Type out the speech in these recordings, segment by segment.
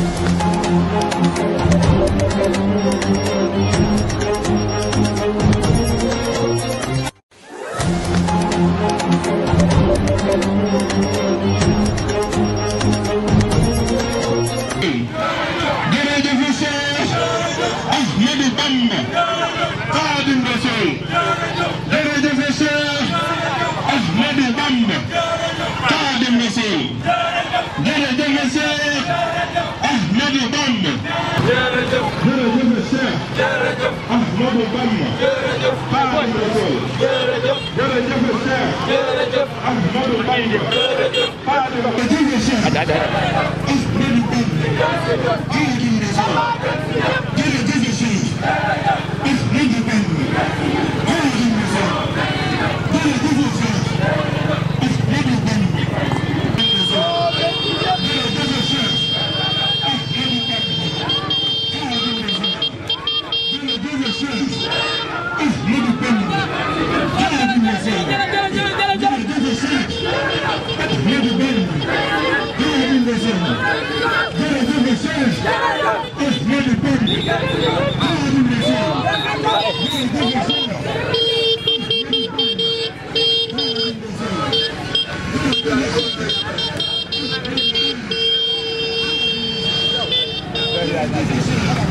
Thank you. Ahmadou Bamba. jërëjëf Fatou Ndiol. jërëjëf jërëjëf Cheikh. jërëjëf Ahmadou Bamba. jërëjëf Fatou Ndiol.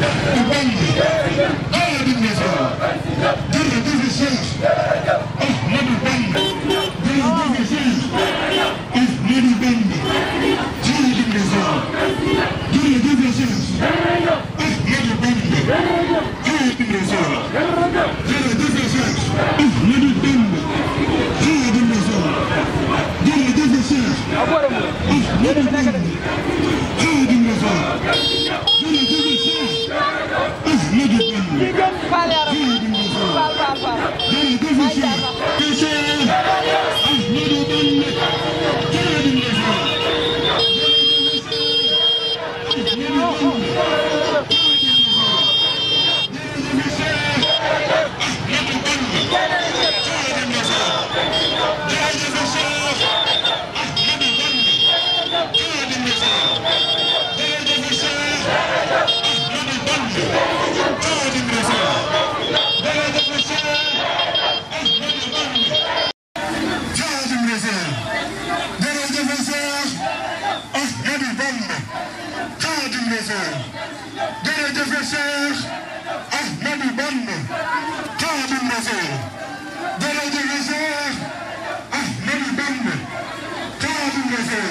Vamos! Şeyh Ahmet Banlı Kabin Nazır Derece Nazır Ahmet Banlı Kabin Nazır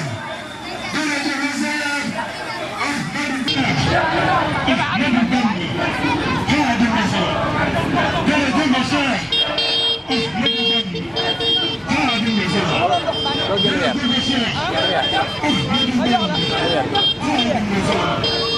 Derece Nazır Ahmet Banlı Kabin Nazır Derece Nazır Ahmet Banlı Kabin Nazır Derece Nazır Ahmet Banlı Kabin Nazır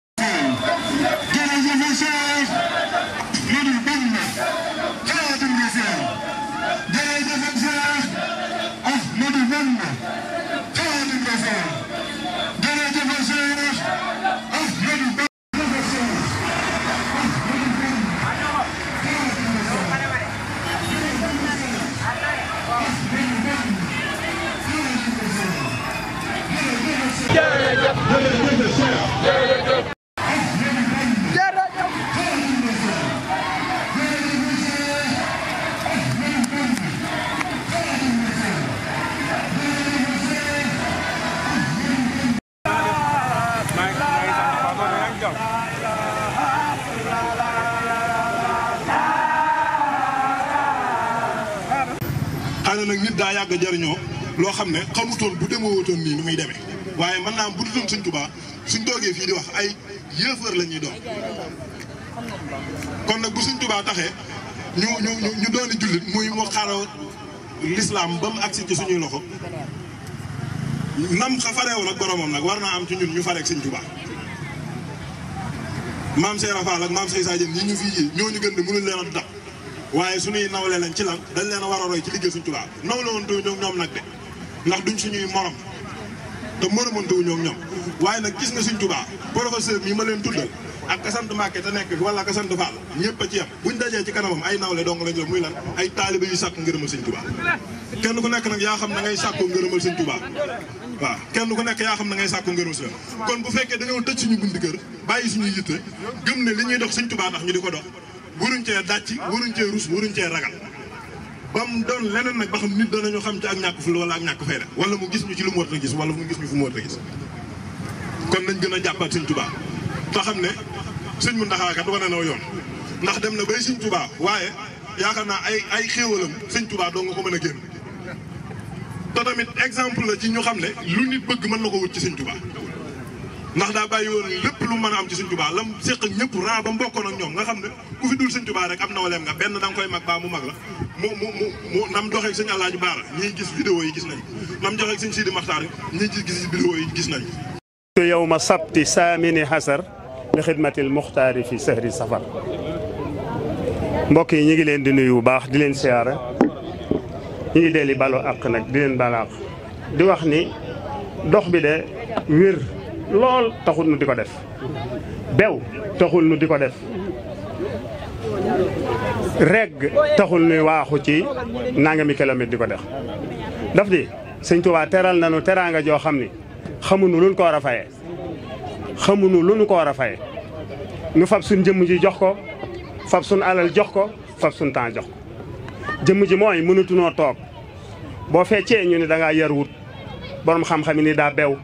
xanaa nag nit daa yàgg jariñoo loo xam ne xamutoon bu demee wutoon nii nu muy demee waaye mën na am bu dutum suñ Tuubaa suñ toogee fii di wax ay yëfër la ñuy doon kon nag bu suñ Tuubaa taxee ñu ñu ñu dooni jullit muy mu xaroo lislaam ba mu agsi ci suñuy loxo nam xa fareewoon ak boromam nag war naa am ci ñun ñu fareeg suñ Tuubaa maam Seera Faal ak maam Sey Sadio ñi ñu fii ñoo ñu gën di mënuñ leen a dab waaye suñuy nawle lañ ci lan dañ leen a ci liggéey suñ Tuubaa nawle woon ñoom nag de ndax duñ suñuy morom. te mërëmante wu ñoom ñoom waaye nag gis nga suñ tubaa professeur mi ma leen tuddal ak ka sant Mbàkke te nekk wala ka sant Fall ñëpp a ci yem buñ dajee ci kanamam ay nawle dong lañ la muy lan ay taalibe yu sàkk ngërëmal suñ tubaa kenn ku nekk nag yaa xam na ngay sàkku ngërëmal suñ tubaa waaw kenn ku nekk yaa xam na ngay sàkku ngërëm si kon bu fekkee dañoo tëj suñu bunti kër bàyyi suñu yitte gëm ne li ñuy dox suñ tubaa tax ñu di ko dox waruñ cee ba mu doon leneen nag ba xam nit danañu xam ci ak ñàkk ful wala ak ñàkk fayda wala mu gis ñu ci lu mu war a gis wala mu gis ñu fu mu war gis kon nañ gën a jàppaat sëñ Tuubaa te xam ne sëñ mu ndaxaakat wane na yoon ndax dem na bay sëñ Tuubaa waaye yaakaar naa ay ay xéewalam sëñ Tuubaa doo nga ko mën a génn te tamit exemple la ci ñu xam ne lu nit bëgg mën na ko wut ci sëñ Tuubaa ndax daa bàyyi woon lépp lu mën a am ci sëñ Tuubaa lam séq ñëpp ran ba mbokkoon ak ñoom nga xam ne ku fi dul sëñ am na waleem nga benn da nga koy mag mu mag la يوم السبت ثامن حصر لخدمة المختار في سهر السفر مبكي نيغي لين دي نويو باخ دي لين سيارة ني دي لي بالو اك نك دي لين بالاخ دي واخ ني دوخ بي دي وير لول تاخول نو ديكو ديف بيو تاخول نو ديكو ديف regg taxul ñuy waaxu ci nangami kilomètre di ko def daf di sëñ Tuubaa teral nañu teraanga joo xam ni xamuñu luñ ko war a fayee xamuñu luñu ko war a fayee nu fab suñ jëmm ji jox ko fab suñ alal jox ko fab suñ temps jox ko jëmm ji mooy mënatunoo toog boo feccee ñu ni da ngaa yar wut borom xam-xam yi ni daa bew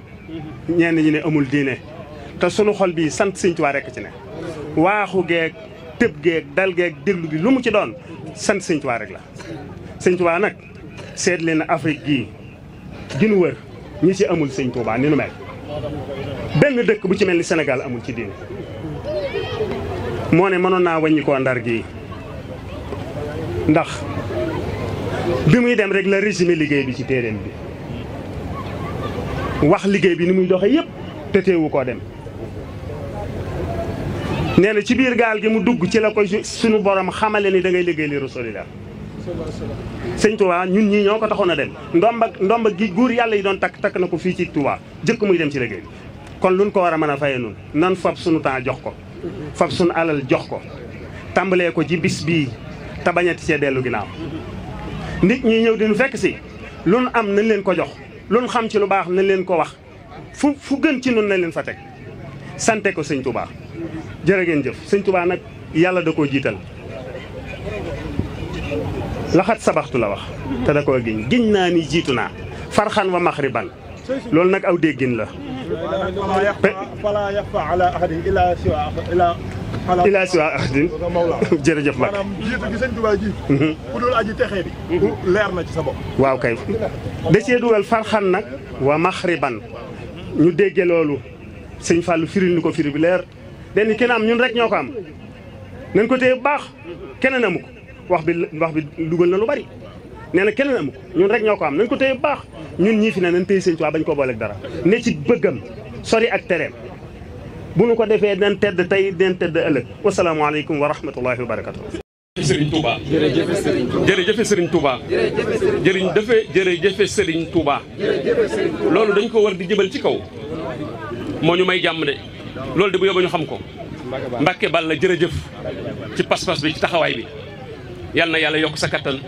ñenn ñi ne amul diine te sunu xol bii sant sëñ Tuubaa rekk ci ne waaxu geeg tëb geeg dal geeg déglu gi lu mu ci doon sant sëñ rek la. sëñ nag seet na Afrique gii gi nu wër ñi ci amul sëñ Tuubaa ni nu mel benn dëkk bu ci mel ni senegal amul ci diine moo ne mënoon naa wàññi koo ndar gii ndax bi muy dem rek la résumé liggéey bi ci téeréem bi wax liggéey bi ni muy doxee yëpp te teewu koo dem. nee na ci biir gaal gi mu dugg ci la koy suñu borom xamale ni dangay ngay liggéey li rasulillah sëñ Touba ñun ñii ñoo ko taxoon a dem ndomba ndomba gi góor yàlla yi doon takk takk na ko fii ci Touba jëkk muy dem ci liggéey bi kon luñ ko war a mën a faye nun nan fab suñu temps jox ko fab suñu alal jox ko tàmbalee ko ci bis bii te bañati see dellu ginnaaw nit ñi ñëw diñu fekk si luñ am nañ leen ko jox luñ xam ci lu baax na leen ko wax fu fu gën ci nun nañ leen fa teg sante ko sëñ Touba jërë ngeen jëf sëñ Tuubaa nag yàlla da koo jiital laxat sabaxtu la wax te da koo giñ giñ naa ni jiitu naa farxan wa maxriban loolu nag aw déggin la fala yaxfa ala ahadin jërëjëf Mbacke mhm. ci sa bopp waaw kay da cee dugal farxan nag wa maxriban ñu dégge loolu sëñ Fallou firil ñu ko firi leer denn kenn am ñun rek ñoo ko am nañ ko téye baax keneen amu wax bi wax bi dugal na lu bari nee na keneen amu ñun rek ñoo ko am nañ ko téye baax ñun ñii fi ne nañ téye sëñ Tuubaa bañ koo booleeg dara ne ci bëggam sori ak tereem bu nu ko defee den tedd tey den tedd ëllëg wasalaamaaleykum wa rahmatullahi wa barakatu sëriñ Touba jërëjëf sëriñ Touba jërëjëf sëriñ Touba jëriñ dafe jërëjëf sëriñ Touba loolu dañ ko war di jëbal ci kaw moo ñu may jàmm de Lol de bu yóbbu ñu xam ko la Balla jërëjëf ci pas-pas bi ci taxaway bi yal na yalla yok sa katan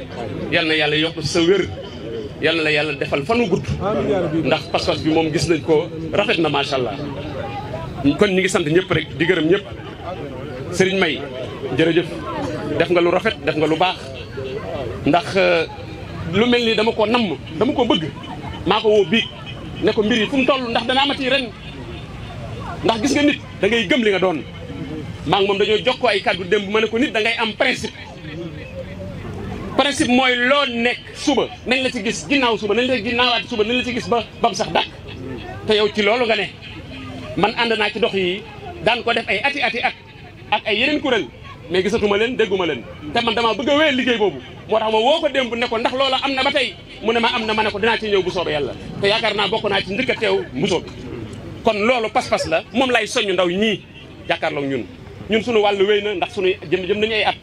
yalla na yok sa wër yal la yalla defal fanu gudd ndax pas-pas bi mom gis nañ ko rafet na machallah kon ñi ngi sant ñepp rek di gërem ñepp serigne May jërëjëf def nga lu rafet def nga lu bax ndax euh, lu melni dama ko nam dama ko bëgg mako ko bi ne ko mbir yi fu mu tollu ndax dana amati ren ndax gis nga nit da ngay gëm li nga doon maa moom dañoo jox ko ay kàddu démb ma ne ko nit da ngay am principe. principe mooy loo nekk suba nañ la ci gis ginnaaw suba nañ la ci ginnaawaat suba nañ ci gis ba ba mu sax dàq te yow ci loolu nga ne man ànd naa ci dox yi daan ko def ay ati ati at ak ay yeneen kuréel mais gisatuma leen dégguma leen te man damaa bëgg a wéyal liggéey boobu moo tax ma woo ko démb ne ko ndax loola am na ba tey mu ne ma am na ma ne ko dinaa ci ñëw bu yaakaar naa bokk naa ci njëkk a kon loolu pas-pas la moom lay soññ ndaw ñii jàkkaarloog ñun ñun suñu wàllu wey na ndax suñu jëm jëm nañu ay at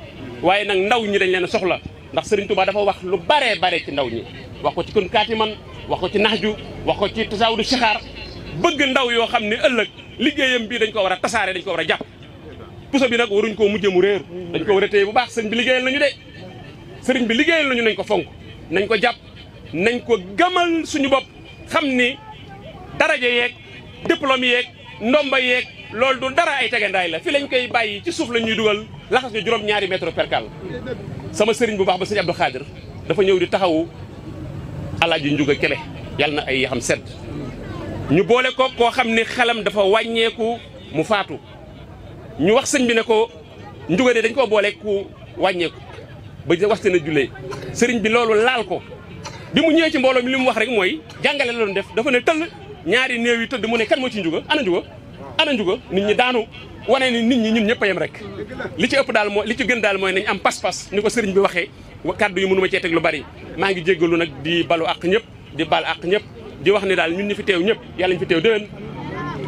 waaye nag ndaw ñi dañ leen a soxla ndax Serigne Touba dafa wax lu baree bare ci ndaw ñi wax ko ci kon kaati man wax ko ci naxju wax ko ci tasaawudu sixaar bëgg ndaw yoo xam ne ëllëg liggéeyam bii dañ ko war a tasaare dañ ko war a jàpp puso bi nag waruñ koo mujjee mu réer dañ ko war a bu baax sëriñ bi liggéeyal nañu de sëriñ bi liggéeyal nañu nañ ko fonk nañ ko jàpp nañ ko gëmal suñu bopp xam ni daraja yeeg diplôme yeeg ndomba yeeg loolu du dara ay tegandaay la fi lañ koy bàyyi ci suuf la ñuy dugal laxas ñu juróom-ñaari mètre percal sama sëriñ bu baax ba sëñ Abdou Khadir dafa ñëw di taxawu alaaji Njuga Kebe yàlla na ay yaxam sedd ñu boole ko koo xam ni xelam dafa wàññeeku mu faatu ñu wax sëñ bi ne ko njuga de dañ koo boole ku wàññeeku ba waxte na jullee sëriñ bi loolu laal ko bi mu ñëwee ci mbooloo mi li mu wax rek mooy jàngale la doon def dafa ñaari néew yi tëdd mu ne kan moo ci njuga ana njuga ana njuga nit ñi daanu wane ni nit ñi ñun ñëpp a yem rek li ci ëpp daal mooy li ci gën daal mooy nañ am pas-pas ni ko sëriñ bi waxee kàddu yi mënu ma cee teg lu bari maa ngi jéggalu nag di balu àq ñëpp di bal àq ñëpp di wax ni daal ñun ñi fi teew ñëpp yàlla ñu fi teew déwén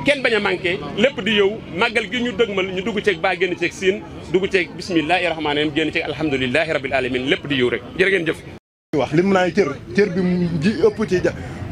kenn bañ a manqué lépp di yow maggal gi ñu dëgmal ñu dugg ceeg baa génn ceeg siin dugg ceeg bismillahi rahmaani rahim génn ceeg alhamdulilahi rabil alamin lépp di yow rek jërë ngeen jëf wax li naa cër bi ji ëpp ci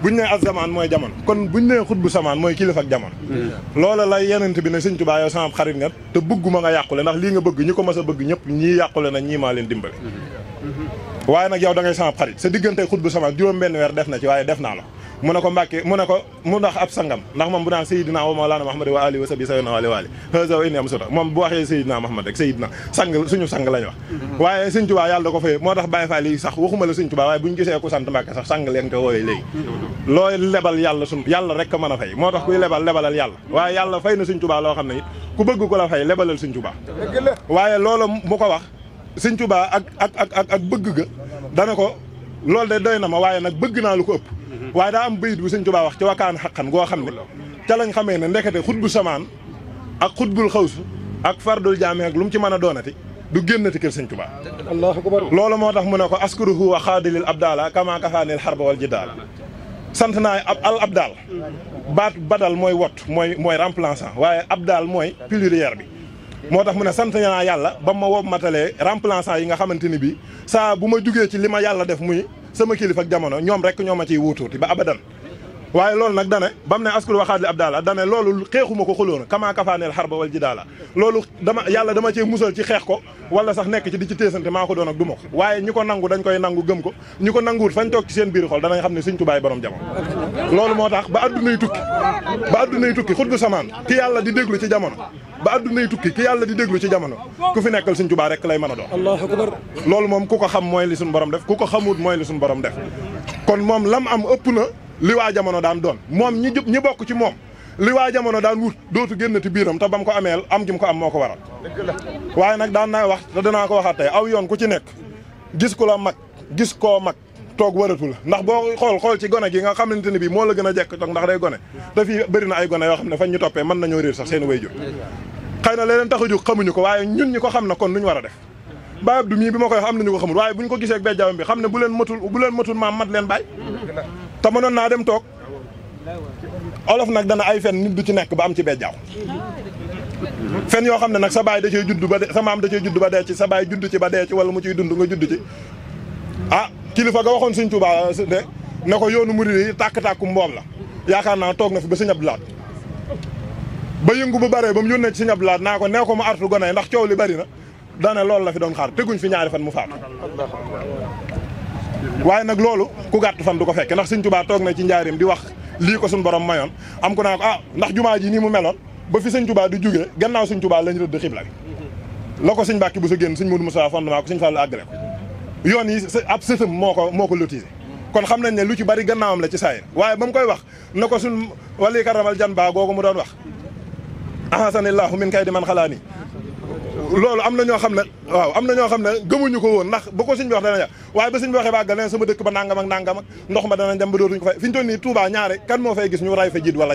bu ñu nee azzamaan mooy jamono kon bu ñu nee xut bu samaan mooy kilifa ak jamono mm. loola la yenent bi ne sëñ Tuubaa yow xarit nga te bëgguma nga yàqule ndax lii nga bëgg ñi ko mas a bëgg ñëpp ñii yàqule na ñii maa leen dimbale mm-hmm. Mm-hmm. waaye nag yow da ngay sama xarit sa diggante xut bu samaan juróom benn weer def na ci waaye def naa la mu ne ko Mbàkke mu ne ko mu ndax ab sangam ndax moom bu naan Seydina wa Mawlana Muhammad wa alihi wa sahbihi sayyidina wa alihi haza wa inni am suta moom bu waxee Seydina Muhammad rek Seydina sang suñu sang lañ wax mhm. waaye Sëñ yàlla ko fay moo tax Baye Fall yi sax waxuma la Sëñ Tuubaa waaye bu ñu gisee ku sant Mbàkke sax sang leen ko wooyee léegi mhm. looy lebal yàlla suñ yàlla rek ko mën a fay moo tax kuy lebal lebalal yàlla waaye yàlla fay na Sëñ Tuubaa loo xam ne it ku bëgg ko la fay lebalal Sëñ Tuubaa waaye loolu mu ko wax Sëñ Tuubaa ak ak ak ak bëgg ga dana ko loolu de doy na ma waaye nag bëgg naa lu ko ëpp waaye daa am bayit bu sëñ Tuubaa wax ci wakaan xaqan goo xam ne ca lañ xamee ne ndekete xutbu samaan ak xutbul xawsu ak fardul jaame ak lu mu ci mën a doonati du génnati kër sëñ Tuubaa loolu moo tax mu ne ko askuruhu wa xaadilil abdaala kama kafaanil xarba wal jidaala sant naa ab al abdaal baat badal mooy wot mooy mooy remplaçant waaye daal mooy pluriel bi moo tax mu ne sant naa yàlla ba ma wob matalee remplaçant yi nga xamante ni bii saa bu ma jugee ci li ma yàlla def muy sama kilifa ak jamono ñoom rek ñoo a ciy wuutuuti ba abadan waaye loolu nag dane ba mu ne askul waxaat li ab daala dane loolu xeexuma ko xulóona kamaa kafaaneel xar ba wal ji daala loolu dama yàlla dama cee musal ci xeex ko wala sax nekk ci di ci téesante maa ko doon du ma waaye ñi ko nangu dañ koy nangu gëm ko ñi ko nanguwut fañ toog ci seen biir xol danañ xam ne suñ tubaay borom jamono loolu moo tax ba addunay tukki ba addunay tukki yàlla di déglu ci jamono ba addunay tukki ki yàlla di déglu ci jamono ku fi nekkal suñ tubaa rek lay mën a doon allahu akbar loolu moom ku ko xam mooy li suñ borom def ku ko xamut mooy li suñ borom def kon moom lam am ëpp na li waa jamono daan doon moom ñi ñi bokk ci moom li waa jamono daan wut dootu génnati biiram te bam ko ameel am gi ko am moo ko waral waaye nag daan naa wax te danaa ko waxaat aw yoon ku ci nekk gis ku la mag gis koo mag toog waratu la ndax boo xool xool ci gone gi nga xamante ne bi moo la gën a jekk toog ndax day gone te fii bëri na ay gone yoo xam ne fañ ñu toppee mën nañoo réer sax seen way jur xëy na leneen tax a jóg xamuñu ko waaye ñun ñi ko xam na kon lu ñu war a def Baye Abdou mii bi ma koy wax am nañu ko xamul waaye bu buñ ko gisee ak bejjaawam bi xam ne bu leen matul bu leen matul maam mat leen bàyyi te mënoon naa dem toog olof nag dana ay fen nit du ci nekk ba am ci bejjaaw fen yoo xam ne nag sa baay da cee judd ba sa maam judd ba dee ci sa baay judd ci ba dee wala mu ciy dund nga judd kilifa ga waxoon sëñ Tuubaa euh, ne ne ko yoonu murid yi tàkk-tàkku mboob la yaakaar naa toog na fi ba sëñ Abdou Lahad ba yëngu bu bëree ba mu yónnee ci sëñ Abdou Lahad naa ko nee ko mu artu gone ndax coow li bari na dane loolu la fi doon xaar teguñ fi ñaari fan mu faatu waaye nag loolu ku gàtt fan du ko fekke ndax sëñ tubaa toog na ci njaarim di wax lii ko suñ borom mayoon am ku naa ko ah ndax jumaa ji nii mu meloon ba fi sëñ Tuubaa du jógee gannaaw sëñ Tuubaa lañ rëdd xibla bi la ko sëñ bu sa génn sëñ Modu Musaa fondement ko sëñ yoon yi ab sëtëm moo ko moo ko lotisé kon xam nañ ne lu ci bari gannaawam la ci saayir waaye ba koy wax na ko suñ wali karamal jan baa googu mu doon wax ahasanillahu min kay di man xalaa nii loolu am na ñoo xam ne waaw am na ñoo xam ne gëmuñu ko woon ndax boo ko suñ bi wax dana ja waaye ba suñ bi waxee ba àggal sama dëkk ba nangam ak nangam ak ndox ma dana jam ba dootuñu ko fay fi ñu toll nii Touba ñaare kan moo fay gis ñu ray fa jiit wala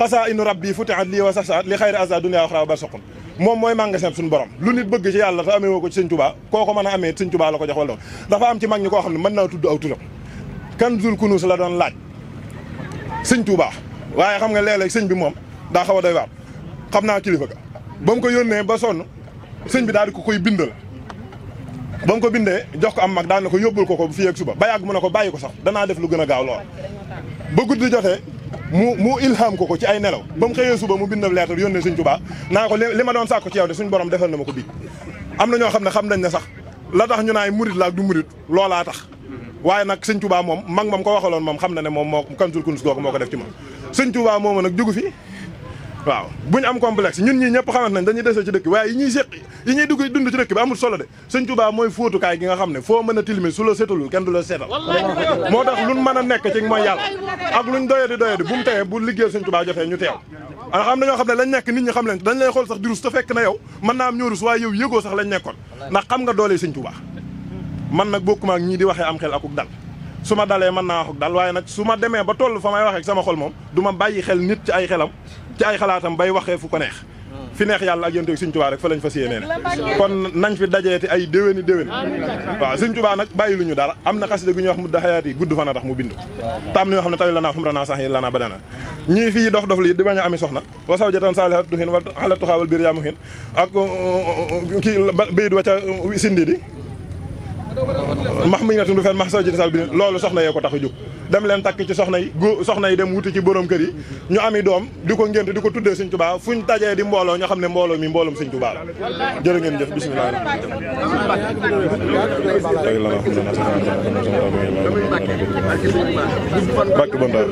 xasaa inu rabbi futihat lii wa sasaat li xayri asa dunya axra barsaqun moom mooy magasin suñu borom lu nit bëgg ci yàlla te amee woo ko ci sëñ Tuubaa koo ko mën a amee sëñ Tuubaa la ko jox wala dafa am ci mag ñi koo xam ne mën naa tudd aw turam Kanzul Kunuz la doon laaj sëñ Tuubaa waaye xam nga léeg-léeg sëñ bi moom daa xaw a doy waar xam naa kilifa ga ba mu ko yónnee ba sonn sëñ bi daal di ko koy bindal ba mu ko bindee jox ko am mag daal na ko yóbbul ko ko fii ak suba ba yàgg mu ne ko bàyyi ko sax danaa def lu gën a gaaw lool ba guddi jotee mu mu ilham ko ko ci ay nelaw ba mu xëyee ba mu bindab leetar yónnee Sëñ Tuubaa naa ko li ma doon sàkku ci yow de suñ borom defal na ma ko dig am na ñoo xam ne xam nañ ne sax la tax ñu naay murit laak du murit loolaa tax waaye nag Sëñ Tuubaa moom mag moom ko waxaloon moom xam na ne moom moo Kanzul Kunuz googu moo ko def ci moom Sëñ Tuubaa moom nag waaw bu ñu am complexe ñun ñii ñëpp xamante nañ dañuy dese ci dëkk waaye yi ñuy séq yi ñuy dugg dund ci dëkk bi amul solo de sëñ Tuubaa mooy fóotukaay gi nga xam ne foo mën a tilime su la setalul kenn du la seetal moo tax nekk ci mooy yàlla ak luñ doyadi doyadi bu mu teyee bu liggéey sëñ Tuubaa jotee ñu teew a xam dañoo xam ne lañ nekk nit ñi xam leen dañ lay xool sax dirus te fekk na yow mën naa am ñoorus waaye yow yëgoo sax lañ nekkoon ndax xam nga doolee sëñ Tuubaa man nag bokkuma ak ñii di waxee am xel akuk dal su ma dalee mën naa wax ak waaye nag su ma demee ba toll fa may waxee sama xol moom du ma bàyyi xel nit ay xelam ci ay xalaatam bay waxee fu ko neex hmm. fi neex yàlla ak yonent Sëñ Tuubaa rek fa lañ fas yéenee kon nañ fi dajeeti ay déwéni déwén waaw Sëñ Tuubaa nag bàyyi ñu dara am na xasida gu ñu wax mu daxayaat yi gudd fana tax mu bindu tam ñoo xam ne tamit lanaa xumranaa sax yi lanaa badana ñii fii dof dof lii di bañ a ami soxna wasaw jotaan saalihat du xin wala xala tuxaawal biir yaa mu xin ak uh, uh, uh, bayit wa ca sindi di max mi nga tund fen max sajid sal bi loolu soxna yee ko tax a jóg dem leen takk ci soxna yi gó soxna yi dem wuti ci borom kër yi ñu ami doom di ko ngénte di ko tuddee Sëñ fu fuñ tajee di mbooloo ñoo xam ne mbooloo mi mbooloom Sëñ Tuubaa la jërë ngeen jëf bismillah bakk bondaal